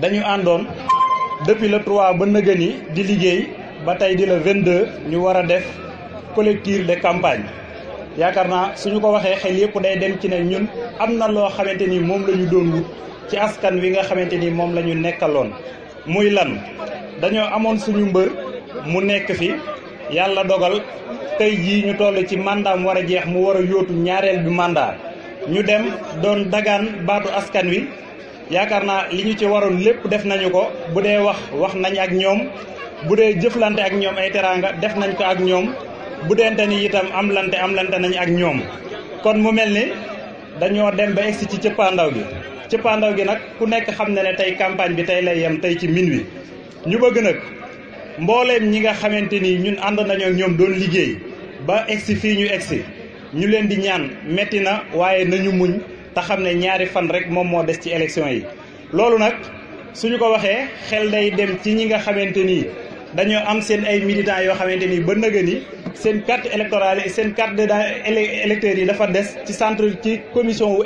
dañu àndoon depuis le 3 ba nëgëni di liggéey ba tey di le 22 ñu war a def collective de campagne yaakaar naa suñu ko waxee xel yëpp day dem ci ne ñun am na loo xamante ni moom la ñu doon wut ci askan wi nga xamante ni moom la ñu nekkaloon. muy lan dañoo amoon suñu mbër mu nekk fi yàlla dogal tey jii ñu toll ci mandat mu war a jeex mu war a yóotu ñaareel bi mandat ñu dem doon dagaan baatu askan wi. yaakaar naa li ñu ci waroon lépp def nañu ko bu dee wax wax nañ ak ñoom bu dee jëflante ak ñoom ay teraanga def nañ ko ak ñoom bu deente ni itam amlante amlante nañ ak ñoom kon mu mel ni dañoo dem ba egsi ci cëppaandaw gi cëppaandaw gi nag ku nekk xam na ne tey campagne bi tey lay yem tey ci minuit ñu bëgg nag mbooleem ñi nga xamante ni ñun ànd nañoo ñoom doon liggéey ba egsi fii ñu egsi ñu leen di ñaan metti na waaye nañu muñ te xam ne ñaari fan rek moom moo des ci élection yi loolu nag suñu ko waxee xel day dem ci ñi nga xamante ni dañoo am seen ay militants yoo xamante ni ba nëgë ni seen carte électorale seen carte d'électeurs yi dafa des ci centre ci commission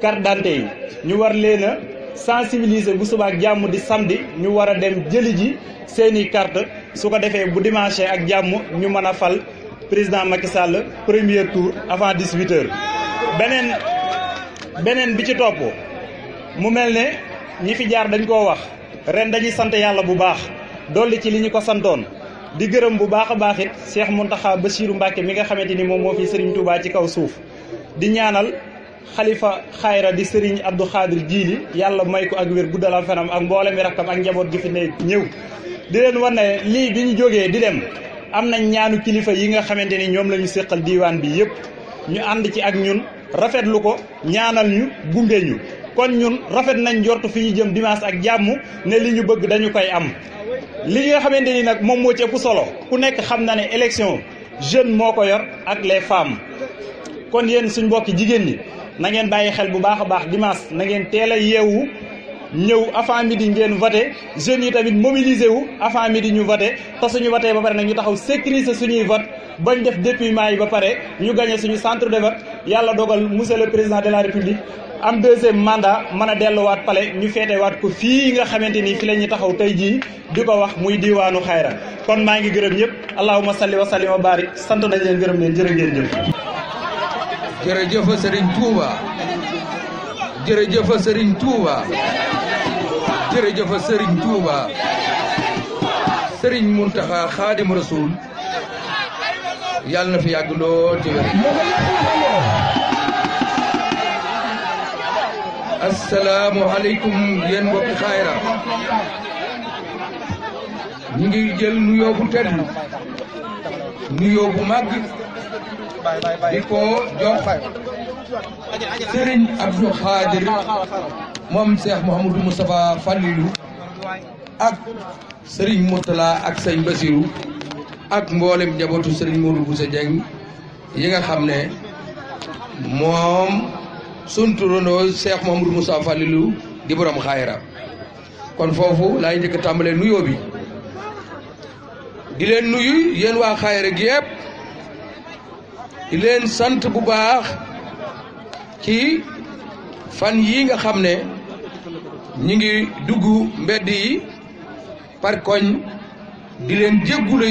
carte d'identité yi ñu war leen a sensibiliser bu suba ak jàmm di samedi ñu war a dem jëli ji seeni carte su ko defee bu dimanche ak jàmm ñu mën a fal président Macky Sall premier tour avant 18 heures beneen beneen bi ci topp mu mel ne ñi fi jaar dañ ko wax ren dañuy sant yàlla bu baax dolli ci li ñu ko santoon di gërëm bu baax a baax it Cheikh ba siiru Mbacké mi nga xamante ni moom moo fi Serigne Touba ci kaw suuf di ñaanal xalifa xayra di Serigne Abdou Khadir Jili yàlla may ko ak wér guddalal fenam ak mboolem mi rakkam ak njaboot gi fi ne ñëw di leen wan lii bi ñu jógee di dem am nañ ñaanu kilifa yi nga xamante ni ñoom la ñu séqal diiwaan bi yëpp ànd ci ak ñun rafetlu ko ñaanal ñu gunge ñu kon ñun rafet nañ jortu fi ñu jëm dimanche ak jàmm ne li ñu bëgg dañu koy am li nga xamante ni nag moom moo ci ëpp solo ku nekk xam na ne élection jeune moo ko yor ak les femmes kon yéen suñ mbokki jigéen ñi na ngeen bàyyi xel bu baax a baax dimanche na ngeen teel a yeewu ñëw avant midi ngeen voté jeunes yi tamit mobilisé wu avant midi ñu voté te suñu voté ba pare nag ñu taxaw sécuriser suñuy vote bañ def dépouillement yi ba pare ñu gagné suñu centre de vote yàlla dogal monsieur le président de la république am deuxième mandat mën a delluwaat pale ñu feetewaat ko fii nga xamante ni fi la ñuy taxaw tey jii di ko wax muy diwaanu xayra kon maa ngi gërëm ñëpp allahuma salli wa sallim wa barik sant nañ leen gërëm leen jërë ngeen jëf jërëjëf jërëjëf Serigne Touba jërëjëf Serigne Touba sëriñ Mountakha Khadim Rasoul yàlla na fi yàgg lool ci wér. asalaamualeykum yéen mbokki xaayra ñu ngi jël nuyoo bu tedd nuyoo bu màgg di ko Serigne Abdou Khadir moom Cheikh Mouhamadou Moustapha Fallilou ak Serigne Mourtala ak sëñ Basirou ak mboolem njabootu Serigne Modou Bousso Dieng yi nga xam ne moom sunu turandoo Cheikh Mouhamadou Moustapha Fallilou di borom xaayira kon foofu laay njëkk a tàmbalee nuyoo bi nuyu yéen waa xaayira gi yëpp di sant bu baax. ci fan yi nga xam ne ñi ngi dugg mbedd yi par koñ di leen jéggula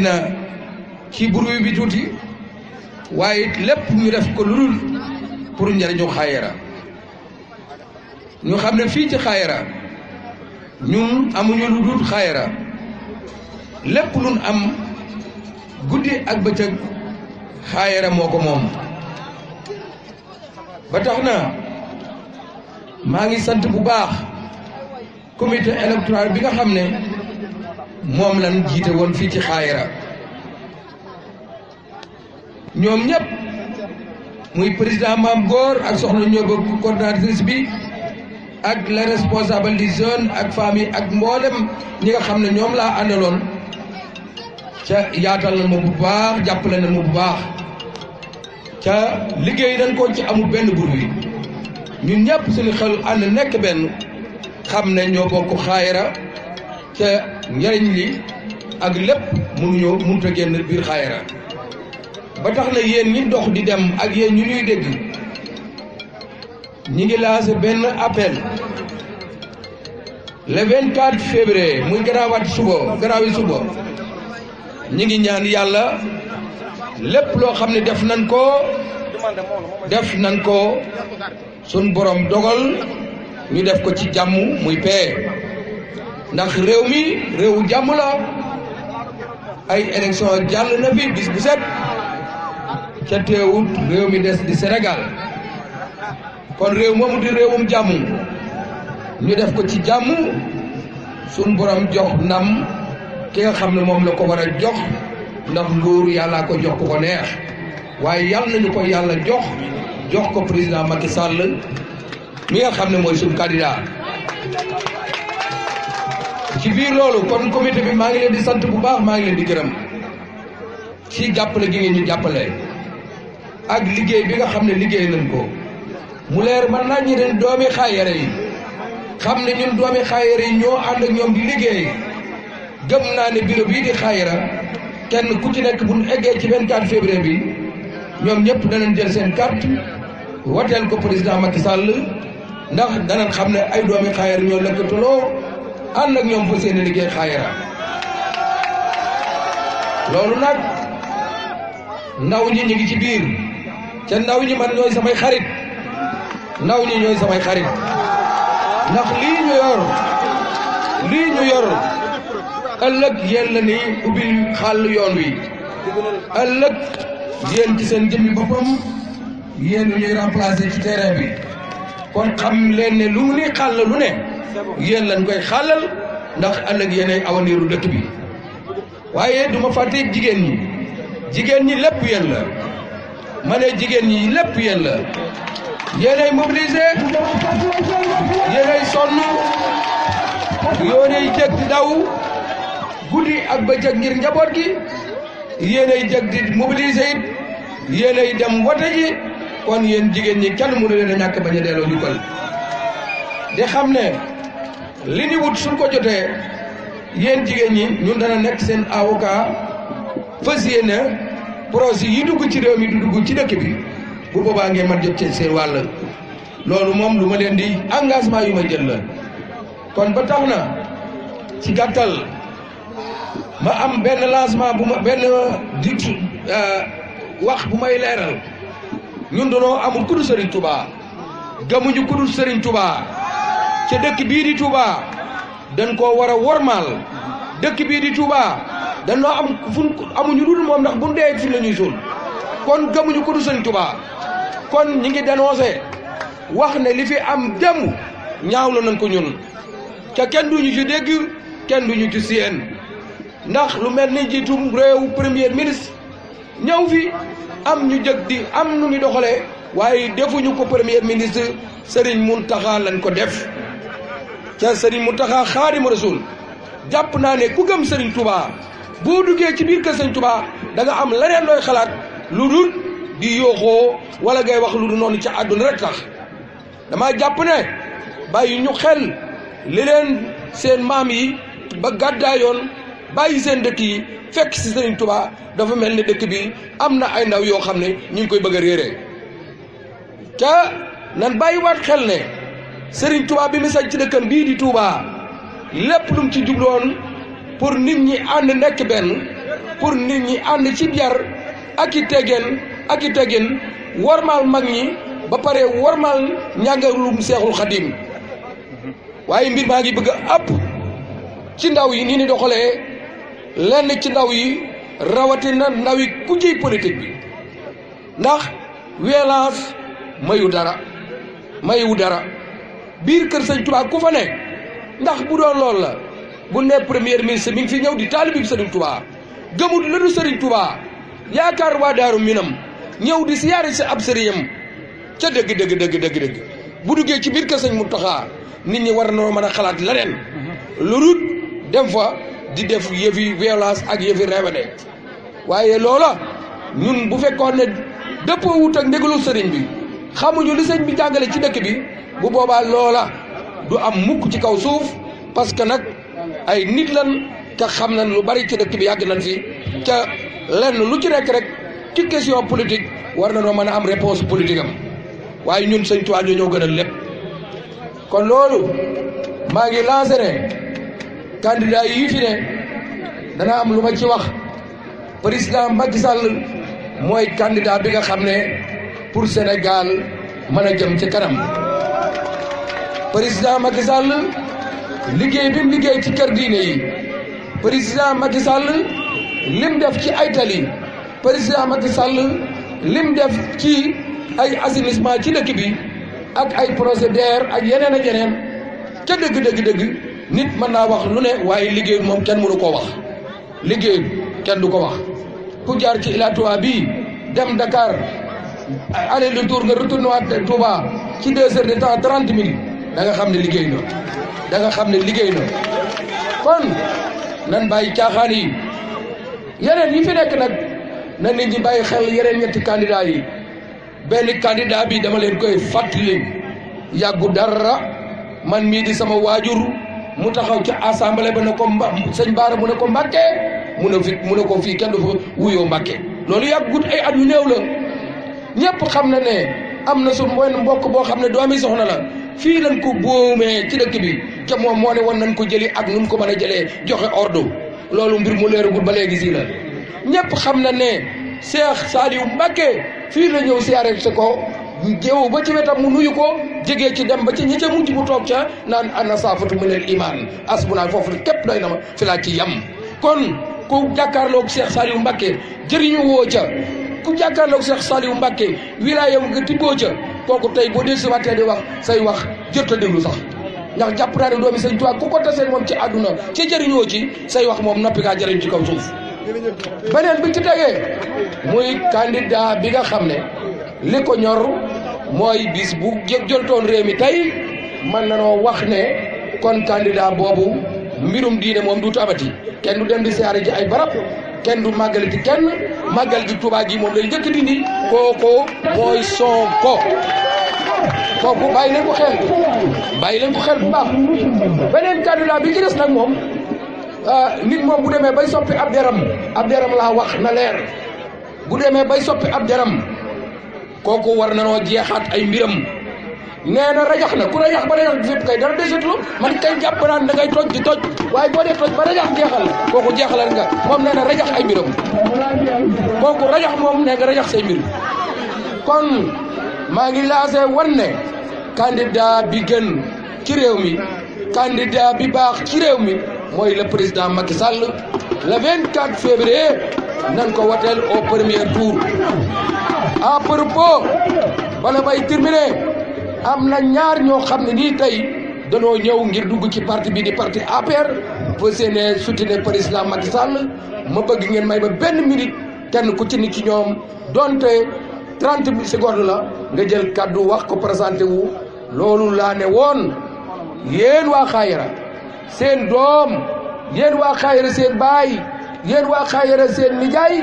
na ci bruit bi tuuti waaye it lépp ñu def ko lu dul pour njëriñu xaayara ñu xam ne fii ci xaayara ñun amuñu lu dul lépp luñ am guddi ak bëccëg xaayara moo ko moom ba tax na maa ngi sant bu baax comité électoral bi nga xam ne moom lan jiite woon fii ci xaayara ñoom ñëpp muy président maam góor ak soxla soxna ñoo bëgg coordinatrice bi ak les responsables des jeunes ak famille ak mboolem ñi nga xam ne ñoom laa àndaloon ca yaatal na ma bu baax jàppale na ma bu baax ca liggéey dañ ko ci amul benn bruit ñun ñëpp suñu xel ànd nekk benn xam ne ñoo bokk xaayara ca njariñ li ak lépp mënuñoo mënut a génn biir xaayara ba tax na yéen ñi dox di dem ak yéen ñu ñuy dégg ñi ngi lancé benn appel le 24 février muy garaawaat suba garaawi suba ñi ngi ñaan yàlla lépp loo xam ne def nan ko def nan ko sun borom dogal ñu def ko ci jàmm muy paix ndax réew mi réewu jàmm la ay élection jàll na fi bis bu ca teewut réew mi des di Sénégal kon réew moomu di réewum jàmm ñu def ko ci jàmm sun borom jox ndam ki nga xam ne moom la ko war a jox ndax nguur yàllaa ko jox ku ko neex waaye yàlla nañu ko yàlla jox jox ko président Macky Sall mi nga xam ne mooy suñu candidat ci biir loolu kon comité bi maa ngi leen di sant bu baax maa ngi leen di gërëm ci jàppale gi ngeen ñu jàppale ak liggéey bi nga xam ne liggéey nañ ko mu leer man naa ñi den doomi xaayare yi xam ne ñun doomi xaayare yi ñoo ànd ak ñoom di liggéey gëm naa ne bureau yi di xaayara kenn ku ci nekk bu ñu eggee ci 24 février bi ñoom ñëpp danañ jël seen carte wateel ko président Macky Sall ndax danañ xam ne ay doomi xaayar ñoo lëkkatuloo ànd ak ñoom fa seen i liggéey xaayara loolu nag ndaw ñi ñu ngi ci biir ca ndaw ñi man ñooy samay xarit ndaw ñi ñooy samay xarit ndax lii yor lii yor. ëllëg yéen la ni ubbil xàll yoon wi ëllëg yéen ci seen jëmmi boppam yéen ñuy remplacer ci terrain bi kon xam leen ne lu mu ni xàll lu ne yéen lañ koy xàllal ndax ëllëg yeneen awaniiru dëkk bi waaye duma fàtte jigéen ñi jigéen ñi lépp yéen la ma ne jigéen ñi lépp yéen la yéenay mobilisé yéenay sonn yéenay jëkk daw guddi ak bëccëg ngir njaboot gi yéenay jëg di mobiliser it yéenay dem wote ji kon yéen jigéen ñi kenn mënu leen a ñàkk bañ a delloo jukkal xam ne li ni wut suñ ko jotee yéen jigéen ñi ñun dana nekk seen avocat fas yéene projet yi dugg ci réew mi du dugg ci dëkk bi bu ngeen man jot ci seen wàll loolu moom lu ma leen di engagement yu ma jël la kon ba ci gàttal ma am benn lancement bu ma benn euh, dikk euh, wax bu may leeral ñun danoo amul ku dul Serigne Touba gamuñu ku dul Serigne Touba ca dëkk bii di Touba dañ koo war a wormaal dëkk bii di Touba danoo am fu amuñu dul moom ndax bu ñu dee fi kon gamuñu ku dul Serigne Touba kon ñi ngi dénoncé wax ne li fi am démb ñaaw la nañ ko ñun ca kenn duñu ci dégg kenn duñu ci seen ndax lu mel ni jiitum réew premier ministre ñaw fi am ñu jëg di am nu ñu doxalee waaye defuñu ko premier ministre Serigne Mountakha lañ ko def ca Serigne Mountakha Xaadimu Rasuul jàpp naa ne ku gëm Serigne Touba boo duggee ci biir kër Serigne Touba da nga am leneen looy xalaat lu dul di yooxoo wala ngay wax lu dul noonu ci àdduna rek tax dama jàpp ne bàyyi ñu xel li seen maam yi ba gàddaayoon Bayi seen dëkk yi fekk si Serigne Touba dafa mel ni dëkk bi am na ay ndaw yoo xam ne ñu ngi koy bëgg a réeree ca nan bàyyiwaat xel ne Serigne Touba bi mi sañ ci dëkkam bii di Touba lépp lu mu ci jubloon pour nit ñi ànd nekk benn pour nit ñi ànd ci biar ak i teggin ak i teggin warmaal mag ñi ba pare warmaal ñàngalum seexul xadim mhm. waaye mbir maa ngi bëgg a ci ndaw yi ni ni doxalee lenn ci ndaw yi rawatina ndaw yi ku jëy politique bi ndax violence mayu dara mayu dara biir kër sëñ Touba ku fa ne ndax bu doon loolu la bu ne premier ministre mi ngi fi ñëw di taalibi duñ Touba gëmut lu du sëriñ Touba yaakaar waa daaru minam ñëw di siyaare si ab sëriñam ca dëgg dëgg dëgg dëgg bu duggee ci biir kër mu Mountakha nit ñi war noo mën a xalaat leneen mhm. lu dul dem fa di def yëfi violence ak yëfi réwéne waaye loola ñun bu fekkoon ne dëppoo wut ak ndégalu sëriñ bi xamuñu li sëñ bi jàngale ci dëkk bi bu boobaa loola du am mukk ci kaw suuf parce que nag ay nit lan te xam nañ lu bari ci dëkk bi yàgg nañ fi ca lenn lu ci nekk rek ci question politique war na noo mën a am réponse politique am waaye ñun sëñ Tuubaa ñoo ñoo gënal lépp kon loolu maa ngi lancé candidat yii fi ne dana am lu ma ci wax président Macky Sall mooy candidat bi nga xam ne pour Sénégal mën a jëm ci kanam président Macky liggéey bi liggéey ci kër diine yi président Macky Sall lim def ci ay tali président Macky Sall lim def ci ay assainissement ci dëkk bi ak ay procédure ak yeneen ak yeneen ca dëgg dëgg dëgg nit mën naa wax lu ne waaye liggéey moom kenn mënu koo wax liggéey kenn du ko wax ku jaar ci Ila Touba bii dem Dakar aller le tour nga retourné waat Touba ci deux heures de temps trente minutes da nga xam ne liggéey na da nga xam ne liggéey na kon nan bàyyi caaxaan yi yeneen yi fi nekk nag na i ñi bàyyi xel yeneen ñetti candidat yi benn candidat bi dama leen koy fàttali yàggu dara man mii di sama waajur mu taxaw ca assemblée ba ne ko mba sëñ Baara mu ne ko Mbàkke mu ne fi mu ne fii kenn du fa wuyoo Mbàkke loolu yàggut ay at yu néew la ñëpp xam na ne am na su wenn mbokk boo xam ne doomi soxna la fii lañ ko boomee ci dëkk bi te moom moo ne woon nañ ko jëli ak nun ko mën a jëlee joxe ordre loolu mbir mu leeragul ba léegi sii la ñëpp xam na ne Cheikh Saliou Mbacke fii la ñëw siyaare ko géew ba ci wetam mu nuyu ko jege ci dem ba ci ñi ca mu tok ca nan ana safatu min iman asbuna fofu kep foofu doy na fi la ci yam kon ku jàkkaarloog cheikh saliou mbake jeriñu wo ca ku jàkkaarloog cheikh saliou mbàkke wilaayam nga tibboo ca koku tay bo del waté di wax say wax jëtt deglu sax ndax japp naa doomi seigne tuwaa ku ko tassé mom ci aduna ci jeriñu ci say wax mom nopi ka jeriñ ci kaw suuf benen bi ci tege muy candidat bi nga liko ñor moy bis bu jontoon réew mi tey mën wax ne kon candidat bobu mbirum diine mom du tabati kenn du dem di siyaare ci ay barap kenn du magal ci kenn magal ci Tuubaa gi mom lay jëk dindi koko moy Sonko ko bàyyi leen ko xel bàyyi ko xel bu baax benen candidat bi ci des mom moom ah, nit mom bu demee bay soppi ab deram ab deram wax na leer bu demee bay soppi ab deram kooku war na nanoo jeexaat ay mbiram nee na rajax na ku rajax ba rajax fépp kay dara desatu man kay jàpp naan da ngay toj di waaye boo dee toj ba rajax jeexal kooku jeexalal nga moom nee na rajax ay mbiram kooku rajax moom nee nga rajax say mbir kon maa ngi laase wan ne candidat bi gën ci réew mi candidat bi baax ci réew mi mooy le président Macky Sall le 24 février nan ko woteel au premier tour à propos bala may terminer am na ñaar ñoo xam ne nii tey danoo ñëw ngir dugg ci parti bi di parti APR fa seene soutenir président Macky Sall ma bëgg ngeen may ba benn minute kenn ku ci nit ci ñoom donte trente secondes la nga jël kàddu wax ko présenté wu loolu laa ne woon yéen waa Xaayara seen doom yéen waa Xaayara seen baay yéen waa xaayara seen nijaay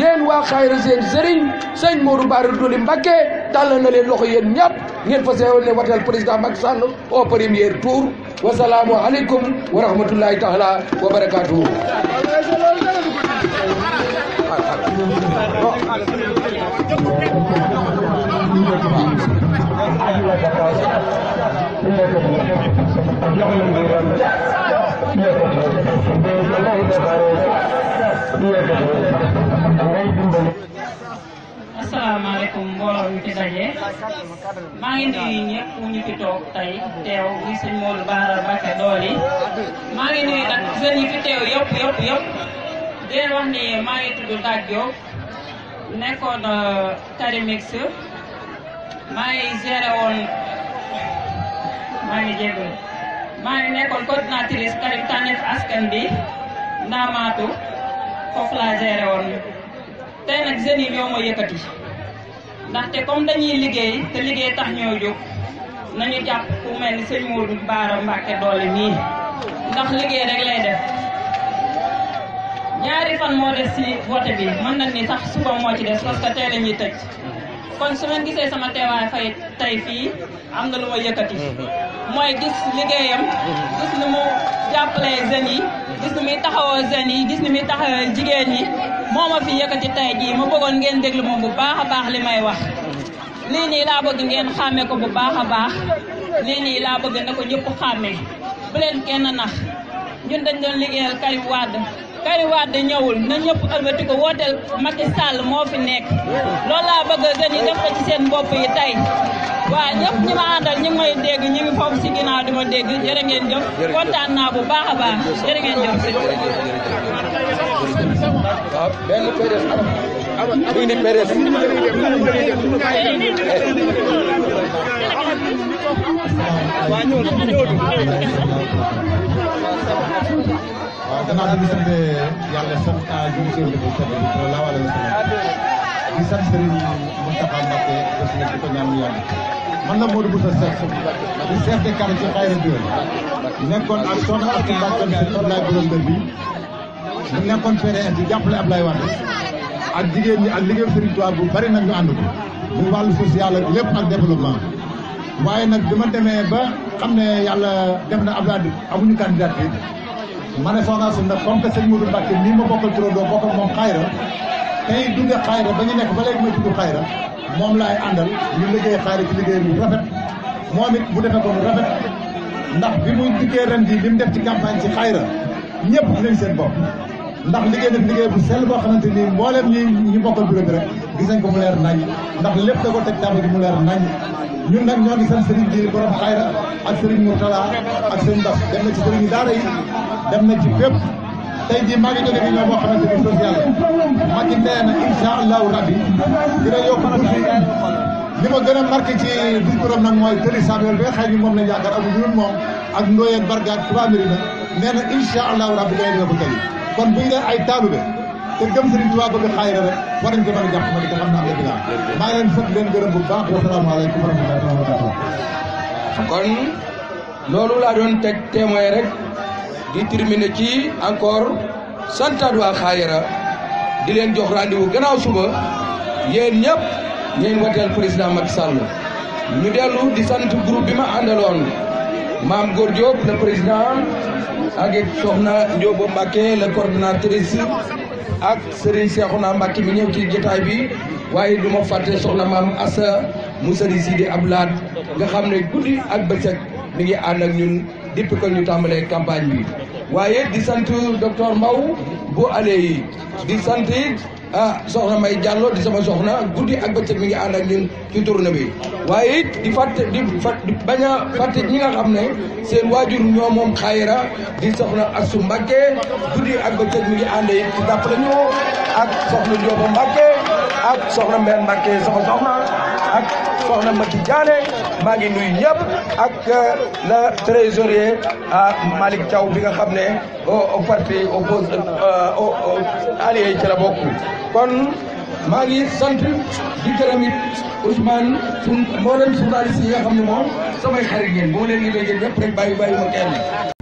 yéen waa xaayara seen sëriñ sëñ Modou Bara Dolly Mbacké tàllal na leen loxo yéen ñëpp ngeen fas yéene watal président Macky Sall au premier tour wasalaamu aleykum wa taala wa barakaatuhu asalaamaaleykum mbooloo yu ci daje maa ngi nuyu ñëpp ñu ci toog tey teew muy sëñ Modou Bara Mbacké Dolly maa ngi nuyu nag jeunes fi teew yëpp yëpp yëpp di wax ni maa ngi tudd Dag Diop nekkoon Karimix euh, maa ngi géré woon maa ngi jégalu maa ngi nekkoon coordinatrice Karim tànneef askan bi Ndamatou. foofu laa géré woon tey nag jeunes yi ñoo ma yëkkati ndaxte comme dañuy liggéey te liggéey tax ñoo jóg nañu jàpp mel ni sëñ Modou Bara Mbacké doole nii ndax liggéey rek lay def ñaari fan moo des ci vote bi mën na ni sax suba moo ci des parce que tey la tëj kon su ngeen gisee sama teewaay fay tey fii am na lu ma yëkkati mm-hmm. mooy gis liggéeyam mm-hmm. gis lu mu jàppale jeunes yi gis ni muy taxawoo jeunes yi gis nu muy taxawoo jigéen ñi moo ma fi yëkkati tey jii ma bëggoon ngeen déglu moom bu baax a baax li may wax lii nii laa bëgg ngeen xàmme ko bu baax a baax lii nii laa bëgg na ko ñépp xàmme bu leen kenn nax ñun dañ doon liggéeyal Karim Wade Karim Wade ñëwul na ñëpp woo ko wooteel Macky Sall moo fi nekk loolu laa bëgg jeunes yi def ko ci seen bopp yi tey waaw ñëpp ñi ma àndal ñu ngi may dégg ñu ngi foofu si ginnaaw di ma dégg jërë ngeen jëf kontaan naa bu baax a baax jërë ngeen jëf waaw ah, benn PDS ñu indi PDS waaw ñëw ñëw waaw gannaaw bi ñu sant yàlla sant naa jiwu si yëngu sëñ bi loolu laa war a di sant Serigne Moustapha Mbacké di ko ñaan yàlla man la Modou Boussa Seck di chef de quartier ci Khayra Diop nekkoon ak soxna Assa Mbacke si Abdoulaye bi mu nekkoon PDS di jàppale Abdoulaye Wade ak jigéen ñi ak liggéey Serigne Touba bu bari nag ñu ànd ko muy wàllu social ak lépp ak développement waaye nag bi ma demee ba xam ne yàlla dem na Abdoulaye amuñu candidat bi ma ne soxna Assa nag comme que sëñ Modou Mbacke nii ma bokkal turandoo bokkal moom Khayra tey dugg xayra ba ñu nekk ba léegi ma dugg xayra moom laay àndal ñu liggéey xayra ci liggéey bu rafet moom it bu defee ko mu rafet ndax bi muy dikkee ren bi li mu def ci campagne ci xayra ñëpp gis nañ seen bopp ndax liggéey def liggéey bu sell boo xamante ni mbooleem ñi ñu bokkal bureau bi rek gis nañ ko mu leer nañ ndax lépp da ko teg table bi mu leer nañ ñun nag ñoo ngi sant sëriñ bi borom xayra ak sëriñ Mourtala ak Serigne Bass dem na ci sëriñ daara yi dem na ci fépp tey jii maa ngi jóge fi ñoom boo xamante ni la Macky nee na incha allahu rabbi dina yokk tuuti li ma gën a marqué ci discours am nag mooy Tony Samuel bi nga ni moom lañ yaakaar amul ñun moom ak Ndoye Bargade Touba Mérina nee na incha allahu rabbi dina yokk tey kon bu ñu ay taalube te gëm Serigne Touba bëgg xaayira rek war ko mën a jàpp ma di ko xam naa dëgg laa maa ngi leen sant leen gërëm bu baax wasalaamaaleykum wa rahmatullahi wa barakatuh kon loolu laa doon teg témoin rek di terminer ci encore santaat waa Xaayara di leen jox rendez-vous gannaaw suba yéen ñëpp ngeen wateel président Macky Sall ñu dellu di sant groupe bi ma àndaloon maam Góor Diop le président ak Soxna Ndiobo Mbacke la coordonnatrice ak Serigne Cheikhouna Mbacke mi ñëw ci jotaay bi waaye du ma fàtte soxna maam Assa mu Serigne Sidi Abdoulaye nga xam ne guddi ak bëccëg mi ngi ànd ak ñun. depuis que ñu tàmbalee campagne bi di sant docteur mau bu ale di sant ah soxna May di sama soxna guddi ak bëccëg mi ngi ànd di fàtte di fàtte di bañ a fàtte ñi nga xam ne seen di soxna Assu Mbacke guddi ak bëccëg mi ngi ànd it ci jàppale ñu ak soxna Mati Diané maa ngi nuyu ñëpp ak euh, la trésorier euh, Malick Thiaw bi nga xam ne au parti oppose euh, allié ci la bokk kon maa ngi sant di gërëm it Ousmane sun moo leen journaliste yi nga xam ne moom samay xarit ngeen boo leen limee yéen ñëpp rek bàyyi bàyyi ma kenn